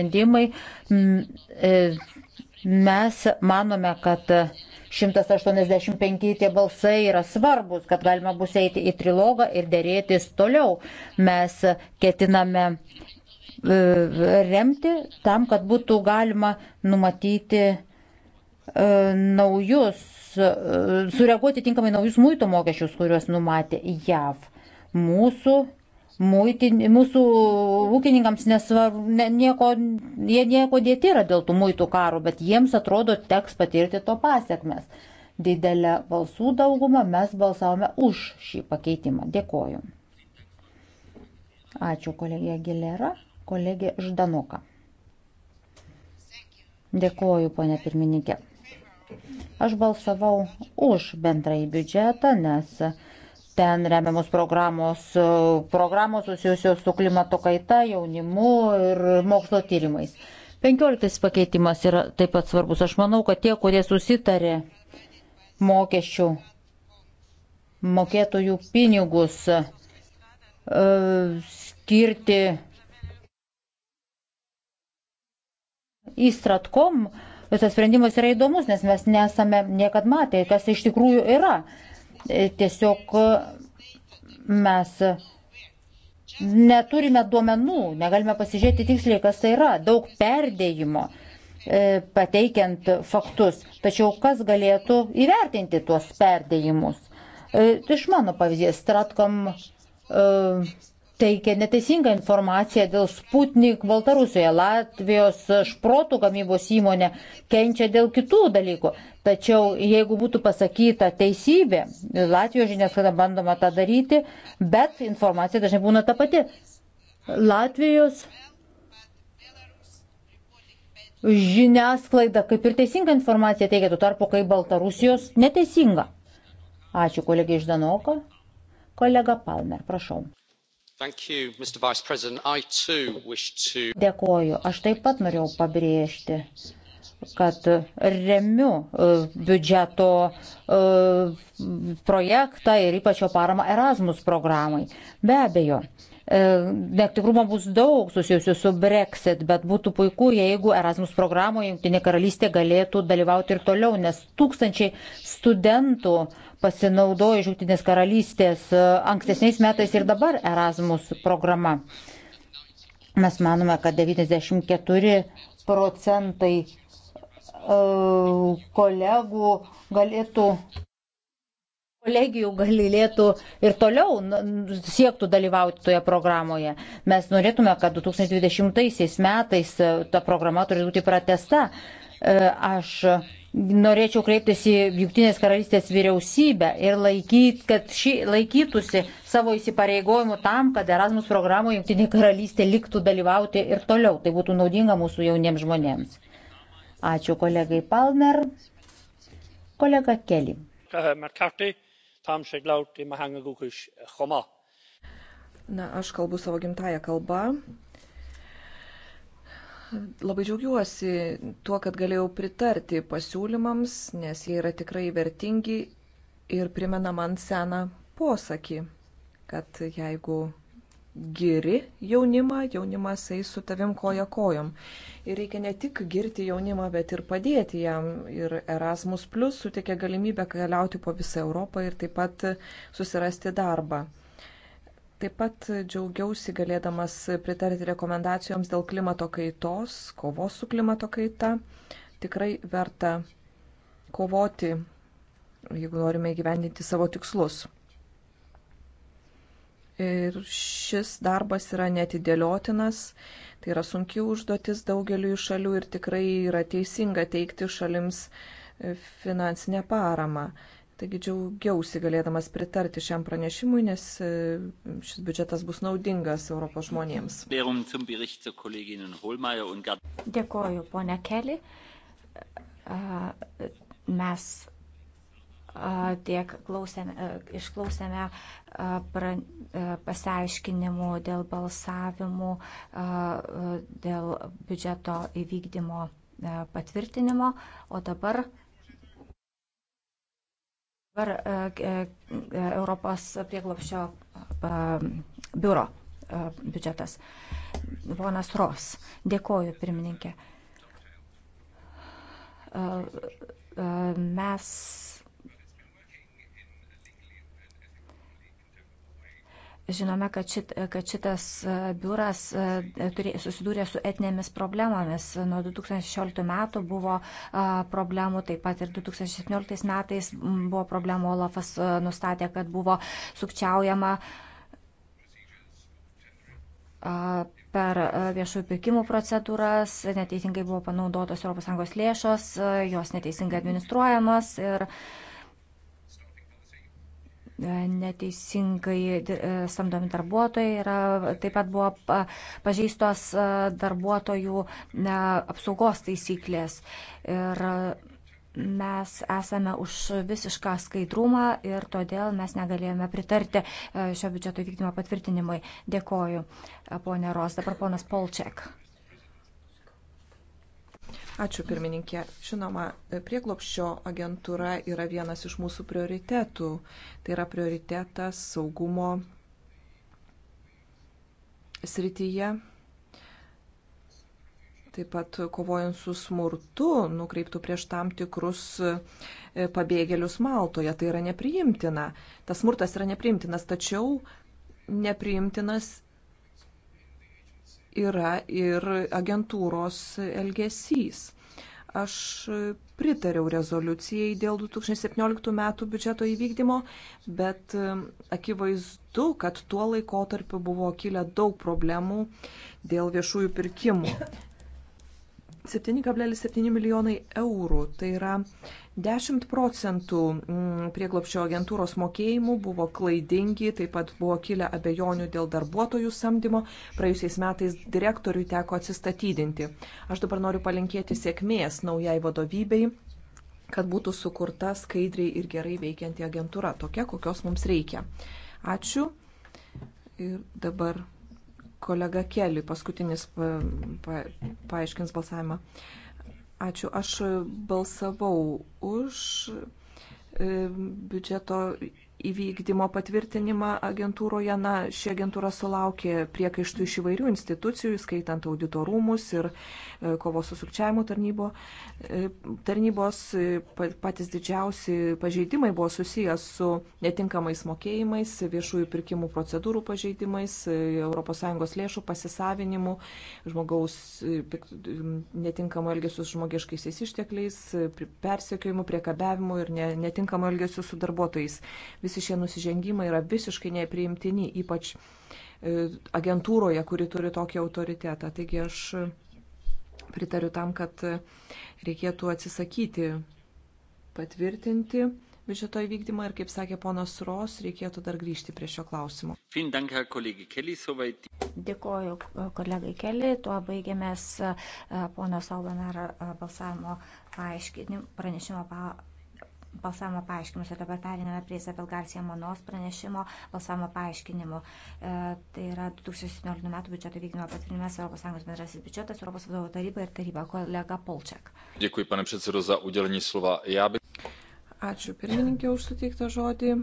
sprendimai. E, mes manome, kad 185 tie balsai yra svarbus, kad galima bus eiti į trilogą ir dėrėtis toliau. Mes ketiname e, remti tam, kad būtų galima numatyti e, naujus, sureaguoti tinkamai naujus muito mokesčius, kuriuos numatė JAV. Mūsų muitin, mūsų ūkininkams nesvarbu, ne, nieko, jie nieko dėti yra dėl tų muitų karų, bet jiems atrodo teks patirti to pasiekmes. Didelę balsų daugumą mes balsavome už šį pakeitimą. Dėkoju. Ačiū kolegė Gilera, kolegė Ždanoka. Dėkoju, ponė pirmininkė. Aš balsavau už bendrąjį biudžetą, nes ten remiamos programos, e, programos susijusios su klimato kaita, jaunimu ir mokslo tyrimais. 15 pakeitimas yra taip pat svarbus. Aš manau, kad tie, kurie susitarė mokesčių mokėtojų pinigus e, skirti į stratkom, tas sprendimas yra įdomus, nes mes nesame niekad matę, kas iš tikrųjų yra. E, tiesiog e, mes neturime duomenų, negalime pasižiūrėti tiksliai, kas tai yra. Daug perdėjimo e, pateikiant faktus. Tačiau kas galėtų įvertinti tuos perdėjimus? Iš mano pavyzdės, Stratkom teikia neteisingą informaciją dėl Sputnik Baltarusijoje, Latvijos šprotų gamybos įmonė kenčia dėl kitų dalykų. Tačiau jeigu būtų pasakyta teisybė, Latvijos žiniasklaida bandoma tą daryti, bet informacija dažnai būna ta pati. Latvijos žiniasklaida kaip ir teisinga informacija teikia, tuo tarpu kaip Baltarusijos neteisinga. Ačiū kolegė Ždanoka. Kolega Palmer, prašau. You, to... Dėkoju. Aš taip pat norėjau pabrėžti, kad remiu e, biudžeto e, projektą ir ypač jo paramą Erasmus programai. Be abejo, E, Netikrumo bus daug susijusių su Brexit, bet būtų puiku, jeigu Erasmus programoje Junktinė karalystė galėtų dalyvauti ir toliau, nes tūkstančiai studentų pasinaudojo iš Junktinės karalystės e, ankstesniais metais ir dabar Erasmus programa. Mes manome, kad 94 procentai e, kolegų galėtų kolegijų galėtų ir toliau siektų dalyvauti toje programoje. Mes norėtume, kad 2020 metais e, ta programa turi būti pratesta. E, aš norėčiau kreiptis į Junktinės karalystės vyriausybę ir laikyt, kad ši laikytųsi savo įsipareigojimų tam, kad Erasmus programoje Junktinė karalystė liktų dalyvauti ir toliau. Tai būtų naudinga mūsų jauniems žmonėms. Ačiū kolegai Palmer. Kolega Kelly. Uh, McCarthy tam šiai glauti mahangagukai iš Homa. Na, aš kalbu savo gimtają kalbą. Labai džiaugiuosi tuo, kad galėjau pritarti pasiūlymams, nes jie yra tikrai vertingi ir primena man seną posakį, kad jeigu giri jaunimą, jaunimas eis su tavim koja kojom. Ir reikia ne tik girti jaunimą, bet ir padėti jam. Ir Erasmus Plus suteikia galimybę keliauti po visą Europą ir taip pat susirasti darbą. Taip pat džiaugiausi galėdamas pritarti rekomendacijoms dėl klimato kaitos, kovos su klimato kaita. Tikrai verta kovoti, jeigu norime įgyvendinti savo tikslus. Ir šis darbas yra netidėliotinas, tai yra sunki užduotis daugeliu šalių ir tikrai yra teisinga teikti šalims e, finansinę paramą. Taigi džiaugiausi galėdamas pritarti šiam pranešimui, nes e, šis biudžetas bus naudingas Europos žmonėms. Dėkoju, ponia Keli. Mes tiek klausėme, išklausėme pasiaiškinimų dėl balsavimų, dėl biudžeto įvykdymo patvirtinimo, o dabar dabar Europos prieglopščio biuro biudžetas. Vonas Ros. Dėkoju, pirmininkė. Mes Žinome, kad, šit, kad šitas e, biuras e, susidūrė su etinėmis problemomis. Nuo 2016 metų buvo e, problemų, taip pat ir 2017 metais buvo problemų. Olafas nustatė, kad buvo sukčiaujama per viešųjų pirkimų procedūras, neteisingai buvo panaudotos ES lėšos, jos neteisingai administruojamas ir uh, E, neteisingai e, samdomi darbuotojai, yra, taip pat buvo pažeistos e, darbuotojų apsaugos taisyklės. Ir mes esame už visišką skaidrumą ir todėl mes negalėjome pritarti šio biudžeto vykdymo patvirtinimui. Dėkoju, ponė Ros. Dabar ponas Polčiak. Ačiū pirmininkė. Žinoma, prieglopščio agentūra yra vienas iš mūsų prioritetų. Tai yra prioritetas saugumo srityje. Taip pat kovojant su smurtu, nukreiptų prieš tam tikrus e, pabėgėlius Maltoje. Tai yra nepriimtina. Tas smurtas yra nepriimtinas, tačiau nepriimtinas yra ir agentūros elgesys. Aš pritariau rezoliucijai dėl 2017 metų biudžeto įvykdymo, bet um, akivaizdu, kad tuo laikotarpiu buvo kilę daug problemų dėl viešųjų pirkimų. 7,7 milijonai eurų, tai yra 10 procentų mm, prieglopščio agentūros mokėjimų buvo klaidingi, taip pat buvo kilę abejonių dėl darbuotojų samdymo, praėjusiais metais direktoriui teko atsistatydinti. Aš dabar noriu palinkėti sėkmės naujai vadovybei, kad būtų sukurta skaidriai ir gerai veikianti agentūra, tokia, kokios mums reikia. Ačiū ir dabar kolega Keli paskutinis pa, pa, paaiškins balsavimą. Ačiū. Aš balsavau už e, biudžeto įvykdymo patvirtinimą agentūroje, na, ši agentūra sulaukė priekaištų iš įvairių institucijų, skaitant auditorumus ir e, kovos su sukčiavimu tarnybo, e, tarnybos. E, patys didžiausi pažeidimai buvo susijęs su netinkamais mokėjimais, viešųjų pirkimų procedūrų pažeidimais, ES lėšų pasisavinimu, žmogaus netinkamo elgesio su žmogiškaisiais ištekliais, persekiojimu, priekabiavimu ir netinkamu elgesiu su darbuotojais. Visi visi šie nusižengimai yra visiškai nepriimtini, ypač e, agentūroje, kuri turi tokį autoritetą. Taigi aš pritariu tam, kad reikėtų atsisakyti patvirtinti biudžeto įvykdymą ir, kaip sakė ponas Ros, reikėtų dar grįžti prie šio klausimo. Dėkoju kolegai Keli, tuo baigėmės e, pono Saulanaro e, balsavimo pranešimo balsavimo paaiškinimus. Ir dabar periname prie Isabel Garcia Monos pranešimo balsavimo paaiškinimu. E, tai yra 2017 m. biudžeto vykdymo patvirtinimas ES bendrasis biudžetas, ES vadovų taryba ir taryba. Kolega Polčiak. Dėkui, pane předsedo, za udelení slova. Ja by... Ačiū pirmininkė už suteiktą žodį.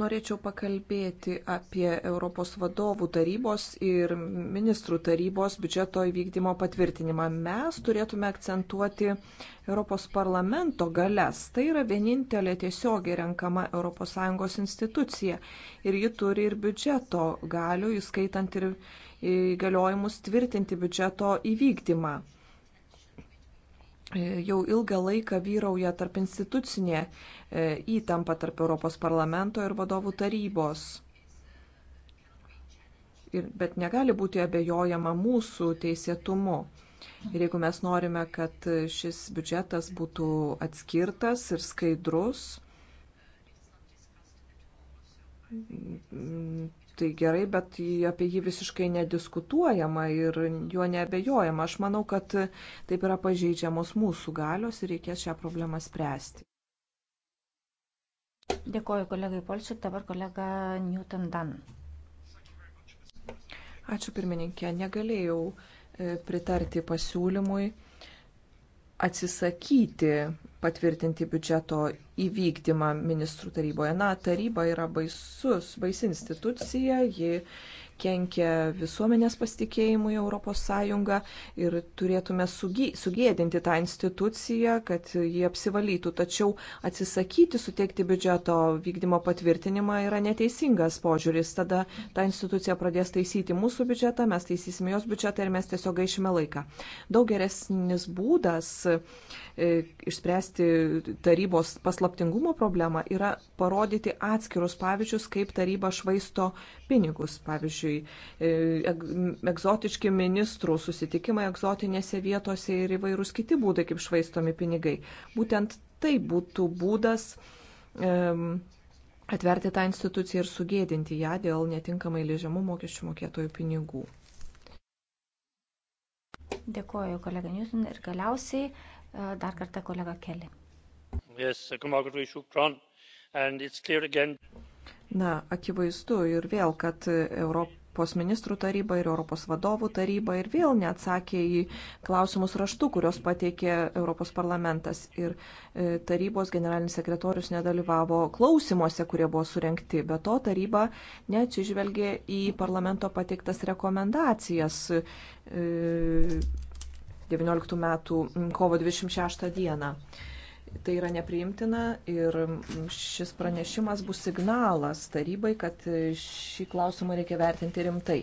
Norėčiau pakalbėti apie Europos vadovų tarybos ir ministrų tarybos biudžeto įvykdymo patvirtinimą. Mes turėtume akcentuoti Europos parlamento galias. Tai yra vienintelė tiesiogiai renkama ES institucija ir ji turi ir biudžeto galių, įskaitant ir įgaliojimus tvirtinti biudžeto įvykdymą jau ilgą laiką vyrauja tarp institucinė e, įtampa tarp Europos parlamento ir vadovų tarybos. Ir, bet negali būti abejojama mūsų teisėtumu. Ir jeigu mes norime, kad šis biudžetas būtų atskirtas ir skaidrus, tai gerai, bet apie jį visiškai nediskutuojama ir juo nebejojama. Aš manau, kad taip yra pažeidžiamos mūsų galios ir reikės šią problemą spręsti. Dėkoju kolegai Polčiui, dabar kolega Newton Dan. Ačiū pirmininkė, negalėjau e, pritarti pasiūlymui atsisakyti patvirtinti biudžeto įvykdymą ministrų taryboje. Na, taryba yra baisus, baisi institucija, ji kenkia visuomenės pasitikėjimui ES ir turėtume sugėdinti tą instituciją, kad ji apsivalytų. Tačiau atsisakyti suteikti biudžeto vykdymo patvirtinimą yra neteisingas požiūris. Tada ta institucija pradės taisyti mūsų biudžetą, mes taisysime jos biudžetą ir mes tiesiog gaišime laiką. Daug geresnis būdas e, išspręsti tarybos paslaptingumo problemą yra parodyti atskirus pavyzdžius, kaip taryba švaisto pinigus. Pavyzdžiui, Pavyzdžiui, e, egzotiški ministrų susitikimai egzotinėse vietose ir įvairūs kiti būdai, kaip švaistomi pinigai. Būtent tai būtų būdas atverti tą instituciją ir sugėdinti ją dėl netinkamai leidžiamų mokesčių mokėtojų pinigų. Dėkuoju kolega Newton ir galiausiai e, dar kartą kolega Kelly. Yes, Na, akivaizdu ir vėl, kad Europos ministrų taryba ir Europos vadovų taryba ir vėl neatsakė į klausimus raštų, kurios pateikė Europos parlamentas. Ir e, tarybos generalinis sekretorius nedalyvavo klausimuose, kurie buvo surenkti. Be to, taryba neatsižvelgė į parlamento pateiktas rekomendacijas. 19 e, metų kovo 26 dieną. Tai yra nepriimtina ir šis pranešimas bus signalas tarybai, kad šį klausimą reikia vertinti rimtai.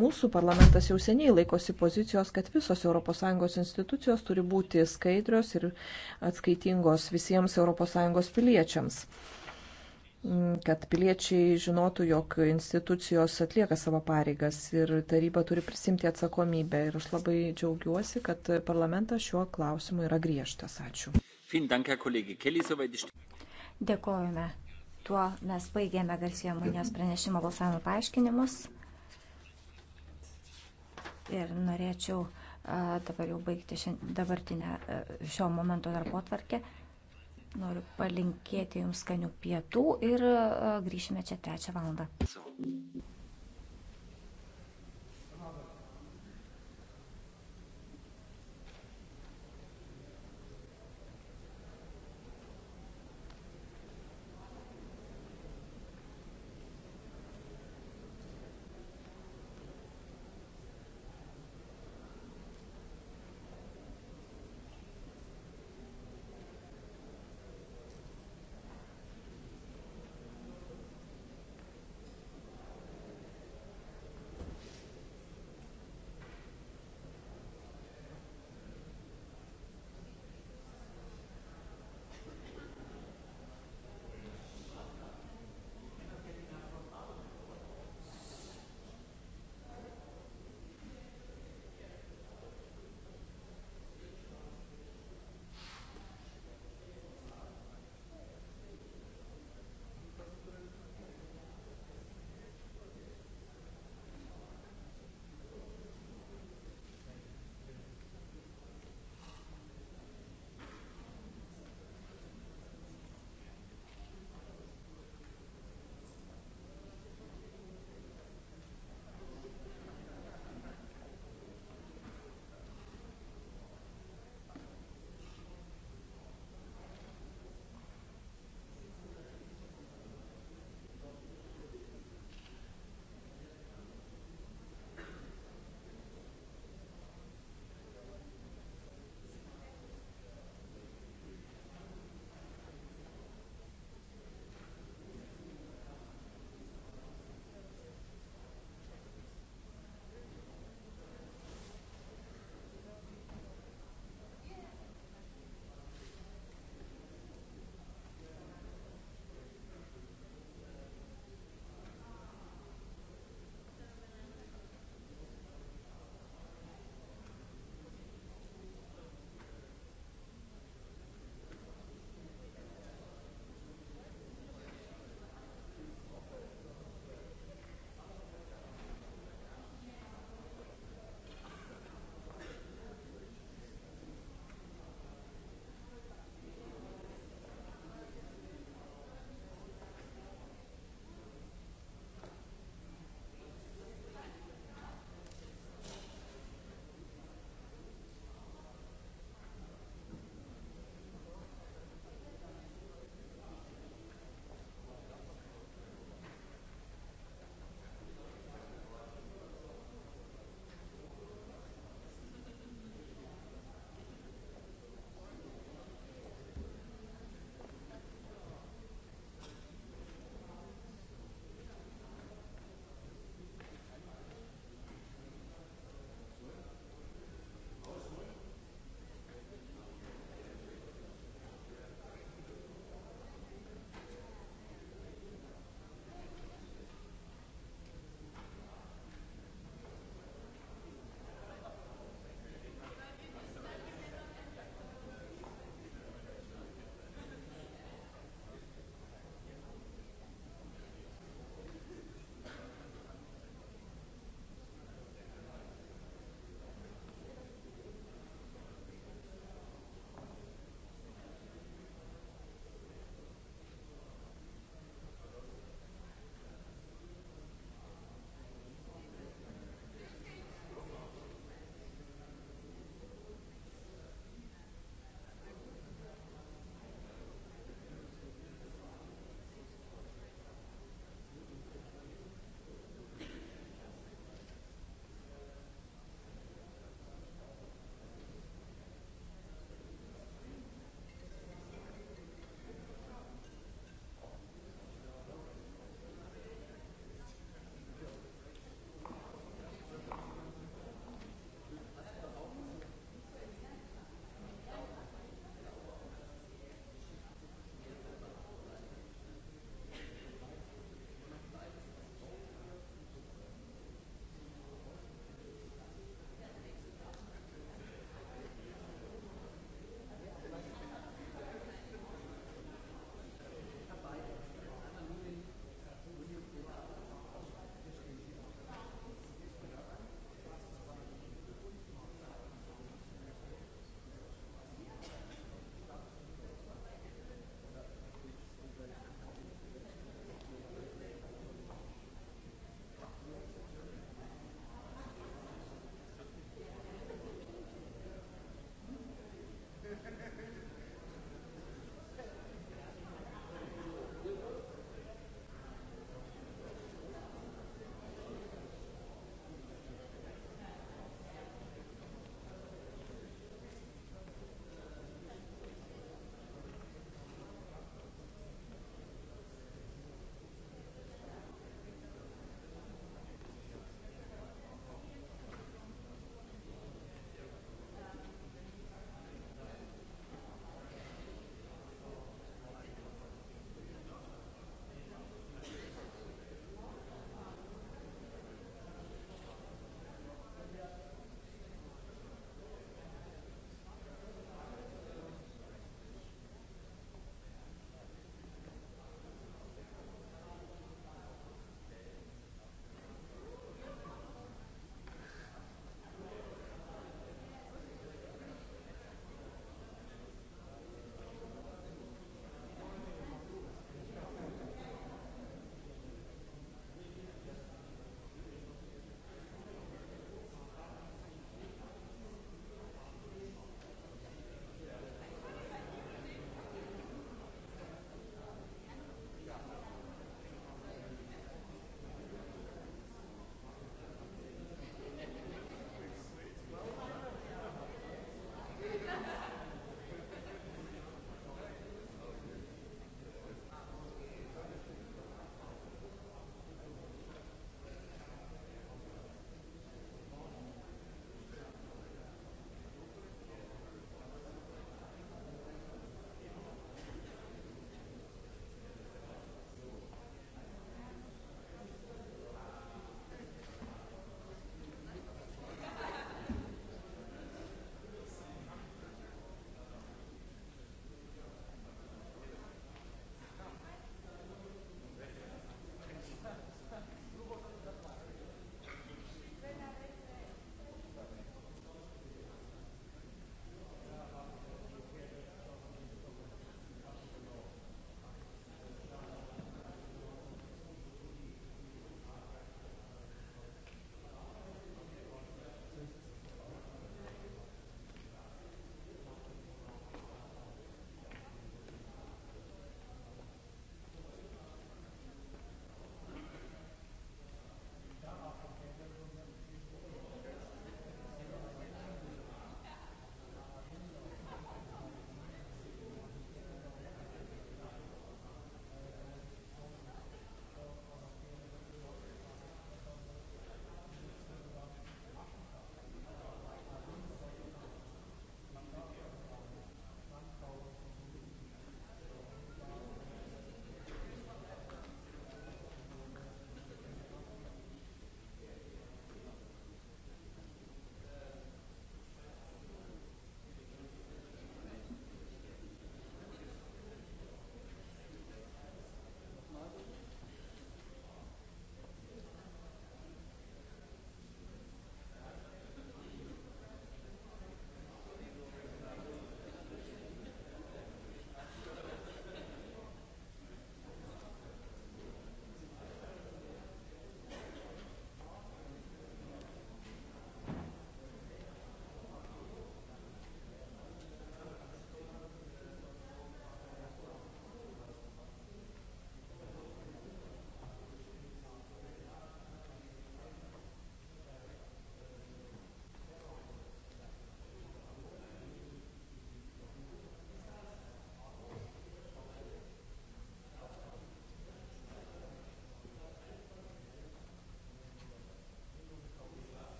Mūsų parlamentas jau seniai laikosi pozicijos, kad visos ES institucijos turi būti skaidrios ir atskaitingos visiems ES piliečiams kad piliečiai žinotų, jog institucijos atlieka savo pareigas ir taryba turi prisimti atsakomybę. Ir aš labai džiaugiuosi, kad parlamentas šiuo klausimu yra griežtas. Ačiū. Dėkojame. Tuo mes baigėme Garsijo Munijos pranešimo balsavimo paaiškinimus. Ir norėčiau dabar jau baigti dabartinę šio momento darbo tvarkę. Noriu palinkėti Jums skanių pietų ir grįšime čia trečią valandą.